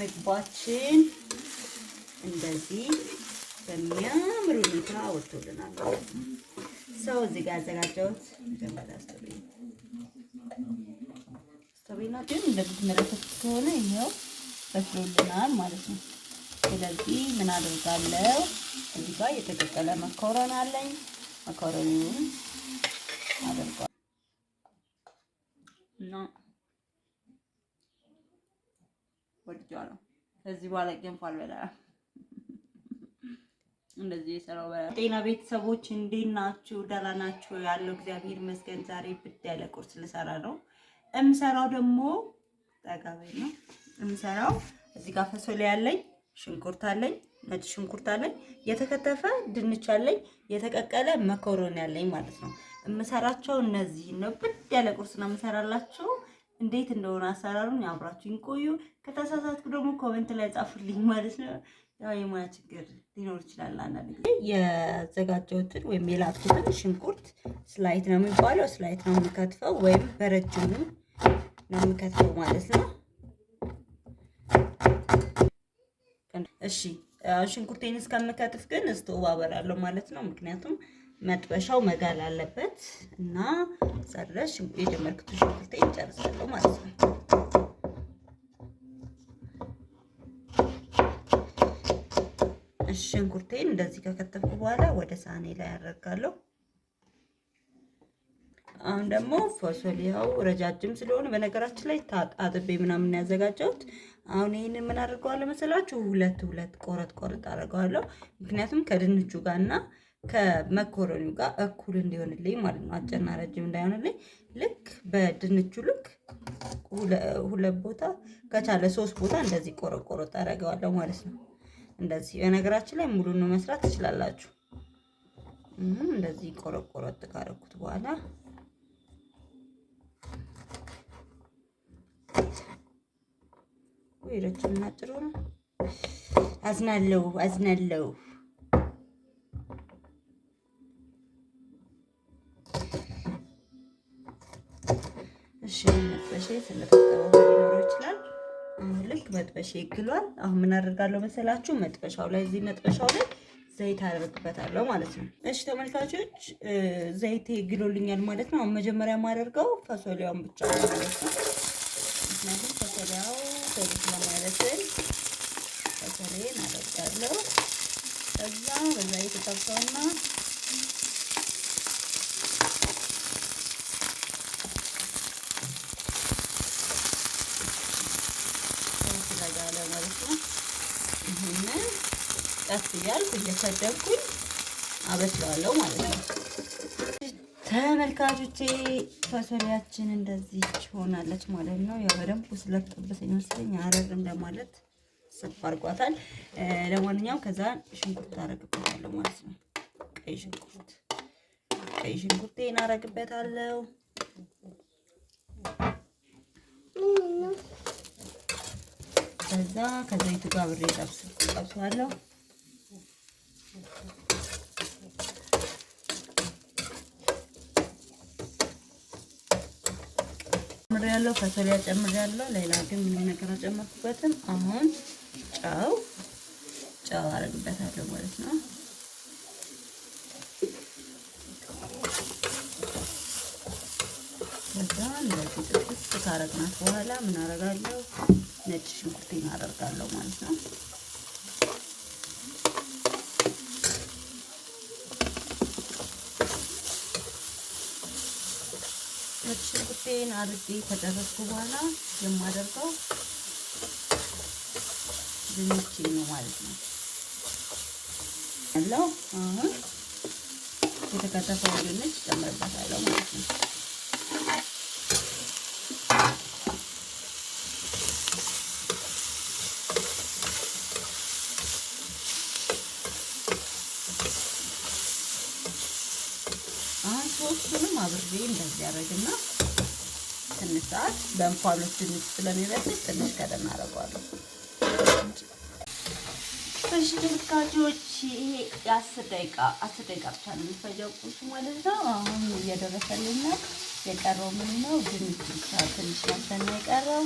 ምግባችን እንደዚህ በሚያምር ሁኔታ ወጥቶልናል። ሰው እዚህ ጋር ያዘጋጀሁት መጀመሪያ ስቶቤ ስቶቤና ግን እንደምትመለከቱት ከሆነ ይኸው በስሎልናል ማለት ነው። ስለዚህ ምን አደርጋለሁ? እዚህ ጋር የተቀቀለ መኮረን አለኝ። መኮረኒውን አደርጋለሁ እና ከዚህ በኋላ ገንፎ አልበላም። እንደዚህ የሰራው ጤና ቤተሰቦች እንዴት ናችሁ? ደህና ናችሁ? ያለው እግዚአብሔር ይመስገን። ዛሬ ብድ ያለ ቁርስ ልሰራ ነው። እምሰራው ደግሞ ጠጋቤ ነው እምሰራው። እዚህ ጋር ፈሶሊያ ያለኝ ሽንኩርት አለኝ፣ ነጭ ሽንኩርት አለኝ፣ የተከተፈ ድንች አለኝ፣ የተቀቀለ መኮሮኒ አለኝ ማለት ነው። እምሰራቸው እነዚህ ነው። ብድ ያለ ቁርስ ነው እምሰራላችሁ። እንዴት እንደሆነ አሰራሩን አብራችሁኝ ቆዩ። ከተሳሳትኩ ደግሞ ኮመንት ላይ ጻፉልኝ ማለት ነው። ያው የሙያ ችግር ሊኖር ይችላል። አንዳንድ ጊዜ የዘጋጀሁትን ወይም የላትኩትን ሽንኩርት ስላይት ነው የሚባለው፣ ስላይት ነው የምከትፈው ወይም በረጅሙ ነው የምከትፈው ማለት ነው። እሺ ሽንኩርቴን እስከምከትፍ ግን እስቶ አበራለሁ ማለት ነው። ምክንያቱም መጥበሻው መጋል አለበት እና ሰረሽ የጀመርኩትን ሽንኩርት ይጨርሳለሁ ማለት ነው። ሽንኩርቴን እንደዚህ ከከተፍኩ በኋላ ወደ ሳህኔ ላይ አደርጋለሁ። አሁን ደግሞ ፎሶሊያው ረጃጅም ስለሆነ በነገራችን ላይ አጥቤ ምናምን ያዘጋጀሁት። አሁን ይህንን ምን አድርገዋለሁ መሰላችሁ? ሁለት ሁለት ቆረጥ ቆረጥ አድርገዋለሁ። ምክንያቱም ከድንቹ ጋር እና ከመኮረኒው ጋር እኩል እንዲሆንልኝ ማለት ነው። አጭርና ረጅም እንዳይሆንልኝ ልክ በድንቹ ልክ ሁለት ቦታ ከቻለ ሶስት ቦታ እንደዚህ ቆረቆሮ ቆረጥ ማለት ነው። እንደዚህ በነገራችን ላይ ነው መስራት ትችላላችሁ። እንደዚህ ቆረቆሮ ካደረኩት በኋላ ወይ ረጅም አጭሩ አዝናለሁ አዝናለሁ መጥበሻ የተመጠጠበ ሊኖረው ይችላል። አሁን ልክ መጥበሻ ይግሏል። አሁን ምን አደርጋለሁ መሰላችሁ? መጥበሻው ላይ እዚህ መጥበሻው ላይ ዘይት አደርግበታለሁ ማለት ነው። እሺ ተመልካቾች ዘይት ግሎልኛል ማለት ነው። አሁን መጀመሪያ የማደርገው ፈሶሊያውን ብቻ ማለት ነው። ምክንያቱም ፈሶሊያው ዘይት ለማለትን ፈሶሌን አደርጋለሁ። ከዛ በዛ የተጠብሰውና ቀስ እያልኩ እየከደንኩኝ አበስለዋለሁ ማለት ነው። ተመልካቾቼ ፈሶሊያችን እንደዚህ ሆናለች ማለት ነው። ያው በደንብ ስለት ጠበሰ አረር እንደማለት ስፍ አድርጓታል። ለማንኛውም ከዛ ሽንኩርት አረግበታለሁ ማለት ነው። ቀይ ሽንኩርት ቀይ ሽንኩርት አረግበታለሁ። ከዛ ከዘይቱ ጋር አብሬ ጠብሰዋለሁ። ጨምር ያለው ፈሶሊያ ጨምር ያለው ሌላ ግን ምንም ነገር አልጨመርኩበትም። አሁን ጨው ጨው አደርግበታለሁ ማለት ነው። ከዛ እንደዚህ ጥቅስ ካረግናት በኋላ ምን አደርጋለሁ? ነጭ ሽንኩርት አደርጋለሁ ማለት ነው። ነጭ ሽንኩርቴን አርጬ ከጨረስኩ በኋላ የማደርገው ድንቼ ነው ማለት ነው ያለው። አሁን የተከተፈው ድንች ጨምርበታለሁ ማለት ነው። ያደረግና ትንሽ ሰዓት በእንፋሎት ድንች ስለሚበስል ትንሽ ቀደም አደርገዋለሁ። እሺ ተመልካቾች ይሄ የአስር ደቂቃ አስር ደቂቃ ብቻ ነው የሚፈጀው ቁርሱ ማለት ነው። አሁን እየደረሰልኝ ነው። የቀረው ምን ነው ድንች ብቻ ትንሽ ማሰና የቀረው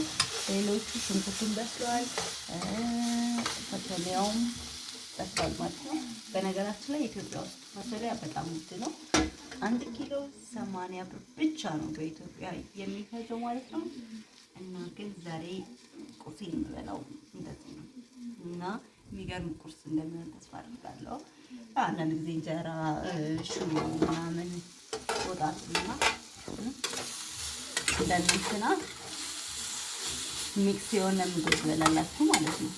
ሌሎቹ ሽንኩርቱን በስለዋል፣ ፈቶሊያውም በስሏል ማለት ነው። በነገራችን ላይ ኢትዮጵያ ውስጥ ፈቶሊያ በጣም ውድ ነው። አንድ ኪሎ ሰማንያ ብር ብቻ ነው በኢትዮጵያ የሚፈጀው ማለት ነው። እና ግን ዛሬ ቁርስ የምበላው እንደዚህ ነው እና የሚገርም ቁርስ እንደሚሆን ተስፋ አድርጋለሁ። አንዳንድ ጊዜ እንጀራ ሽሮ ምናምን ወጣትና እና ሚክስ የሆነ ምግብ ትበላላችሁ ማለት ነው።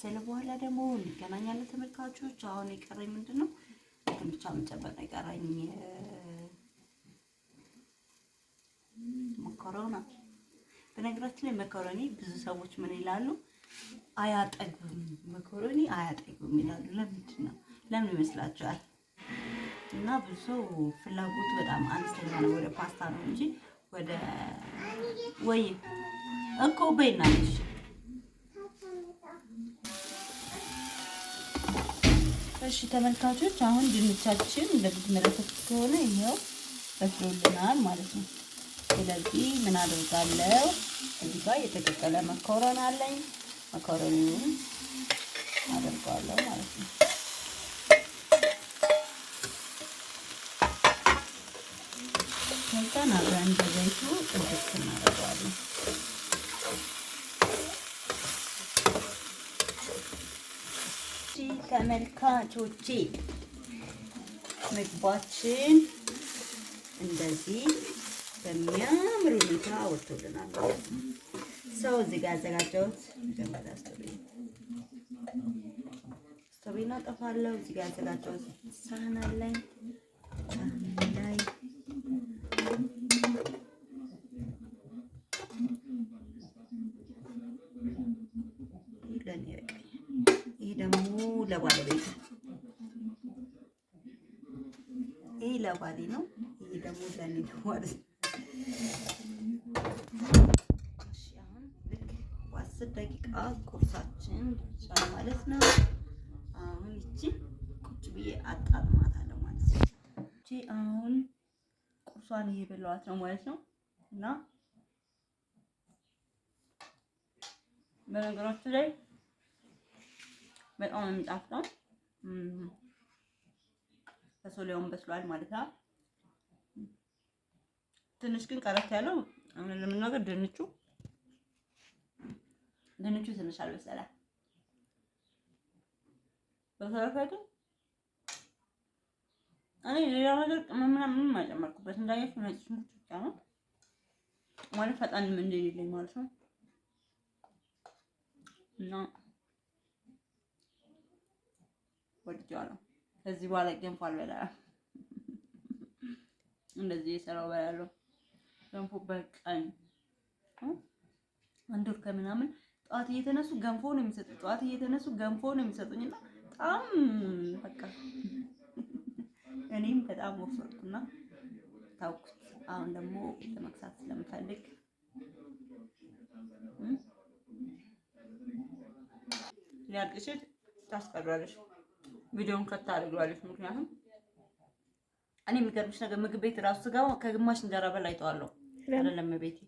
ከበሰለ በኋላ ደግሞ እንገናኛለን ተመልካቾች። አሁን የቀረኝ ምንድን ነው? እንትን ብቻ መጨበጥ የቀረኝ መኮረና። በነገራችን ላይ መኮረኒ ብዙ ሰዎች ምን ይላሉ? አያጠግብም፣ መኮረኒ አያጠግብም ይላሉ። ለምንድን ነው ለምን ይመስላችኋል? እና ብዙ ሰው ፍላጎቱ በጣም አነስተኛ ነው ወደ ፓስታ ነው እንጂ ወደ ወይ እኮ በይናለሽ እሺ ተመልካቾች አሁን ድንቻችን እንደምትመለከቱት ከሆነ ይሄው በስሎልናል ማለት ነው። ስለዚህ ምን አደርጋለሁ እዚህ ጋር የተቀቀለ መኮረን አለኝ። መኮረኒውን አደርጋለሁ ማለት ነው። ከዛን አብረን በዘይቱ ጥብስ እናደርገዋለን። ተመልካቾቼ ምግባችን እንደዚህ በሚያምር ሁኔታ ወጥቶልናል። ሰው እዚህ ጋር ያዘጋጀሁት መጀመሪያ ስቶቤን አጠፋለሁ። እዚህ ጋር ያዘጋጀሁት ሳህን አለኝ። ሳህን ላይ ለኔ ለባለቤት ይህ ለባሌ ነው። ይህ ደግሞ ነው ማለት ነው። አሁን ልክ በአስር ደቂቃ ቁርሳችን ጫል ማለት ነው። አሁን ይቺ ቁጭ ብዬ አጣጥማታለሁ ማለት ነው። ይቺ አሁን ቁርሷን እየበላኋት ነው ማለት ነው እና በነገራችሁ ላይ በጣም ነው የሚጣፍጠው። በሶሊያውን በስሏል ማለት ነው። ትንሽ ግን ቀረት ያለው አሁን ለመናገር ድንቹ ድንቹ ትንሽ አልበሰለ። በተረፈ ግን እኔ ሌላ ነገር ቅመም ምንም አልጨመርኩበት እንዳያችሁ ነጭ ሽንኩርት ብቻ ነው ማለት ፈጣን ምን እንደሌለኝ ማለት ነው እና ወድጄዋለሁ። ከዚህ በኋላ ገንፎ አልበላም። እንደዚህ የሰራው በላለሁ። ገንፎ በቀን አንድ ወር ከምናምን ጠዋት እየተነሱ ገንፎ ነው የሚሰጡኝ። ጠዋት እየተነሱ ገንፎ ነው የሚሰጡኝ እና በጣም በቃ እኔም በጣም ወፈርኩና ታውኩት። አሁን ደግሞ ለመክሳት ስለምፈልግ ሊያልቅሽት ታስቀራለሽ። ቪዲዮውን ከታ አድርገዋለች። ምክንያቱም እኔ የሚገርምሽ ነገር ምግብ ቤት ራሱ ስገባ ከግማሽ እንጀራ በላይ አይተዋለሁ። አይደለም ቤቴ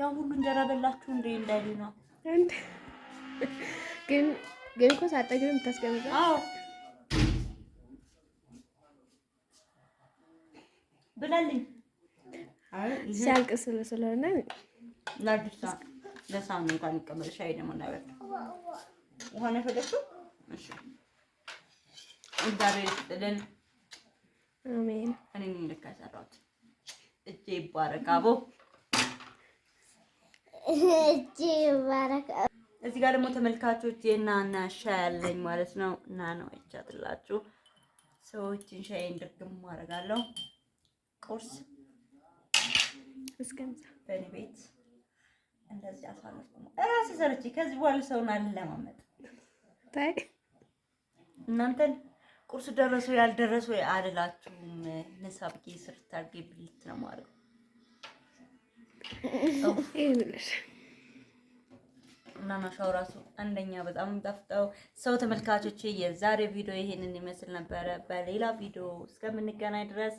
ያው ሁሉ እንጀራ በላችሁ እንዴ እንዳይሉ ነው። ግን ግን እኮ ሳጠግብ የምታስቀምጠው አዎ ብላለኝ። ሲያልቅስ ስለሆነ ለድሳ ለሳም እንኳን ይቀመጥ ሻይ ደግሞ እናበል ውሃ ነው የፈለግሽው? እሺ እግዚአብሔር ይስጥልን። አሜን። እኔ ነኝ እጄ ይባረክ። አቦ እጄ ይባረክ። እዚህ ጋር ደግሞ ተመልካቾች ሻይ ማለት ነው። ነው አይቻትላችሁ ሰዎችን ሻይ እንድርግም አደርጋለሁ። ቁርስ እስከምሳ ቤት እንደዚህ አሳልፍ። እራሴ ሰርቼ ከዚህ በኋላ ሰውን አለማመጥ ታይ እናንተን ቁርስ ደረሱ ያልደረሱ አልላችሁም። ንሳብጌ ስር ታርጌ ብልት ነው ማለት እና ማሻው ራሱ አንደኛ በጣም ጠፍጠው ሰው ተመልካቾች፣ የዛሬ ቪዲዮ ይሄንን ይመስል ነበረ። በሌላ ቪዲዮ እስከምንገናኝ ድረስ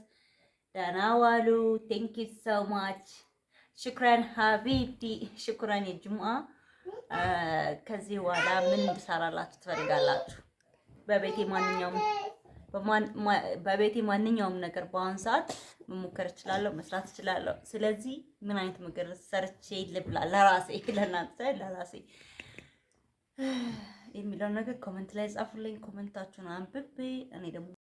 ደህና ዋሉ። ቴንክ ዩ ሶ ማች ሽኩራን ሀቢብቲ ሽኩራን የጅሙአ ከዚህ በኋላ ምን ብሰራላችሁ ትፈልጋላችሁ? በቤቴ ማንኛውም በቤቴ ማንኛውም ነገር በአሁኑ ሰዓት መሞከር እችላለሁ፣ መስራት እችላለሁ። ስለዚህ ምን አይነት ምግብ ሰርቼ ልብላ ለራሴ ለእናንተ ለራሴ የሚለው ነገር ኮመንት ላይ ጻፉልኝ። ኮመንታችሁን አንብቤ እኔ ደግሞ